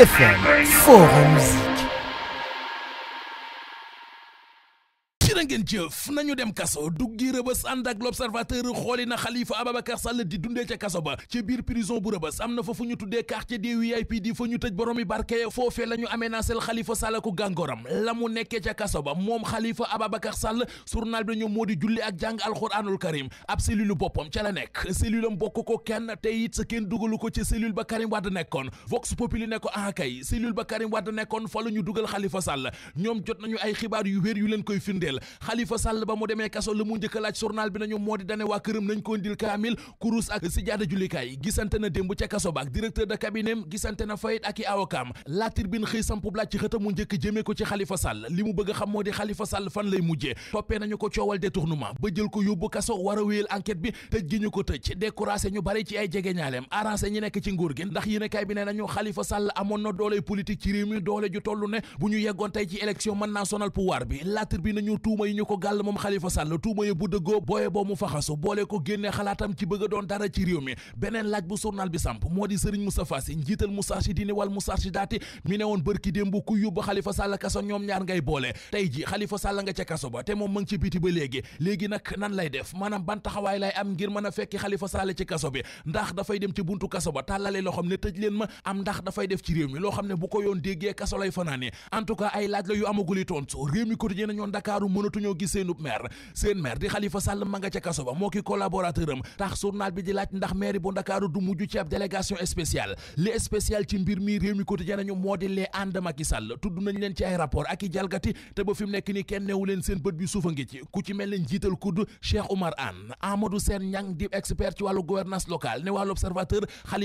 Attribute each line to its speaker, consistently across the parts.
Speaker 1: IFM Forum Musique. ngeen jëf nañu dem kaso duggi rëbës ànd ak l'observateur xooli na Khalifa Ababacar Sall di dundee ca kaso ba ca biir prison bu rëbës am na fa fu ñu tuddee quartier des VIP di fa ñu tëj boroomi barke foofee la ñu aménacel Khalifa Sall ku gàngooram la mu nekkee ca kaso ba moom Khalifa Ababacar Sall journal bi ñoom moo di julli ak jàng alxuraanul karim ab cellule boppam ca la nekk cellule am bokk ko kenn te it sa kenn dugalu ko ci cellule ba Karim Wade nekkoon Vox Populi ne ko ah kay cellule ba Karim Wade la ñu dugal Khalifa Sall ñoom jot nañu ay xibaar yu wér yu leen koy firndeel xalifa Sall ba mu demee kaso la mu njëkk a laaj journal bi nañu moo di dane waa këram nañ ko ndil kaamil kurus ak sijaada jullikaay gisante na démb ca kaso ba ak directeur de gisante na fayit ak i awakaam La Tribune xëy sampu laaj ci xëtam njëkk jëmee ko ci Khalifa Sall li mu bëgg a xam moo di Khalifa Sall fan lay mujjee toppee nañu ko coowal détournement ba jël ko yóbbu kaso war a wéyal enquête bi tëj gi ñu ko tëj découragé ñu bari ci ay jege ndax yéenekaay bi ne nañu Khalifa Sall amoon na doole politique ci réew mi doole yi ñu ko gàll moom Khalifa Sall tuuma ya bu dëggoo booye boo mu faxasu boole ko génne xalaatam ci bëgg a doon dara ci réew mi beneen laaj bu journal bi samp moo di Serigne Moustapha Sy njiital Moustarchidine wal Moustarchidaati mi ne woon bërki démb ku yóbbu Khalifa Sall kaso ñoom ñaar ngay boole tey ji Khalifa Sall nga ca kaso ba te moom ma ngi ci biti ba léegi léegi nag nan lay def maanaam ban taxawaay lay am ngir mën a fekki Khalifa Sall ci kaso bi ndax loo ne tëj leen mënatuñoo gis seenub maire seen maire di Khalifa Sall ma nga ca kaso ba moo ki collaborateur am tax journal bi di laaj ndax maire bu Ndakaaru du mujj ci ab délégation spéciale li spécial ci mbir mi réew mi quotidien nañu moo di lee ànd Macky Sall tudd nañ leen ci ay rapport ak i jalgati te ba fi nekk ni kenn newu leen seen bët bi suufa ngi ci ku ci mel leen kudd Cheikh Oumar Anne Amadou Sène Niang di expert ci wàllu gouvernance locale ne wàllu observateur a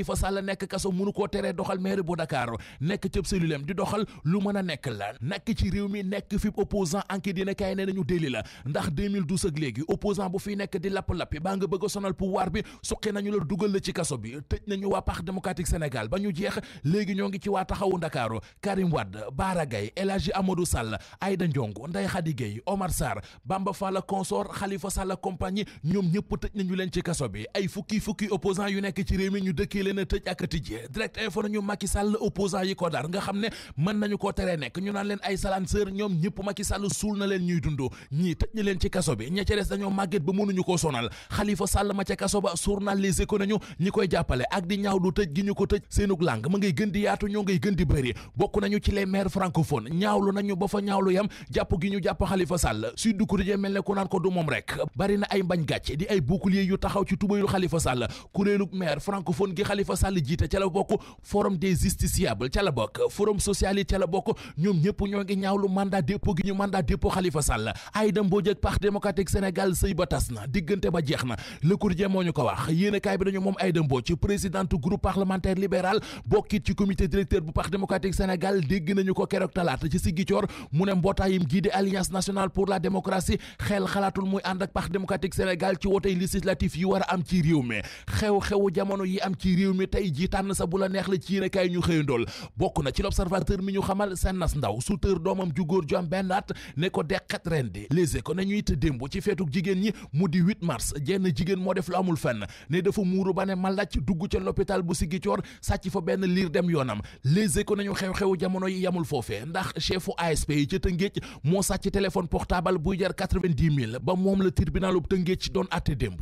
Speaker 1: ñu déli la ndax 2012 ak léegi opposant bu fi nekk di lapp-lappi baa nga bëgg a sonal pouvoir bi suqi nañu la dugal la ci kaso bi tëj nañu waa Parti démocratique Sénégal ba ñu jeex léegi ñoo ngi ci waa taxawu Ndakaaru Karim Wade Bara El Hadji Amadou Sall Aïda Ndiongo Ndeye Khady Gueye Omar Sarr Bamba Fall consort Khalifa Sall compagnie ñoom ñëpp tëj nañu leen ci kaso bi ay fukki fukki opposant yu nekk ci réew mi ñu dëkkee leen a tëj ak a tijjee direct info nañu Macky Sall opposant yi ko dar nga dund ñii tëj ñi leen ci kaso bi ña ca des dañoo màgget ba mënuñu koo sonal Xalifa Sàll ma ca kaso ba journaliste ko nañu ñi koy jàppale ak di ñaaw lu tëj gi ñu ko tëj seenug làng ma ngay gën di yaatu ñoo ngay gën di bëri bokk nañu ci les maires francophones ñaawlu nañu ba fa ñaawlu yam jàpp gi ñu jàpp Xalifa Sàll Sud Quotidien mel ne ku naan ko du moom rek bari na ay mbañ gàcc di ay bouclier yu taxaw ci tubayul Xalifa Sàll kuréelug maire francophone Aïda Mbodj ak Parti démocratique Sénégal sëy ba tas na diggante ba jeex na Le Quotidien moo ñu ko wax yéenekaay bi dañu moom Aïda Mbodj ci présidente groupe parlementaire libéral bokkit ci comité directeur bu Parti démocratique Sénégal dégg nañu ko keroog talaata ci Ziguinchor mu ne mbootaayam gii di Alliance nationale pour la démocratie xel xalaatul muy ànd ak Parti démocratique Sénégal ci wotey législatif yi war a am ci réew mi xew-xewu jamono yi am ci réew mi tey ji tànn sa bu la neex la ci yéenekaay ñu xëyandool bokk na ci l'observateur mi ñu xamal seen nas ndaw suteur doomam ju góor ju am benn at ne ko deqet ren rendi Les Échos nañu it démb ci feetuk jigéen ñi mu di 8 mars jenn jigéen moo def lu amul fenn ne dafa muuru ba ne malaaj dugg ca l'hôpital bu Ziguinchor sàcc fa benn liir dem yoonam Les Échos nañu xew-xewu jamono yi yamul foofe ndax chefu ASP yi ca Tëngéej moo sàcc téléphone portable buy jar 90 000 ba moom la tribunal bu Tëngéej doon àtte démb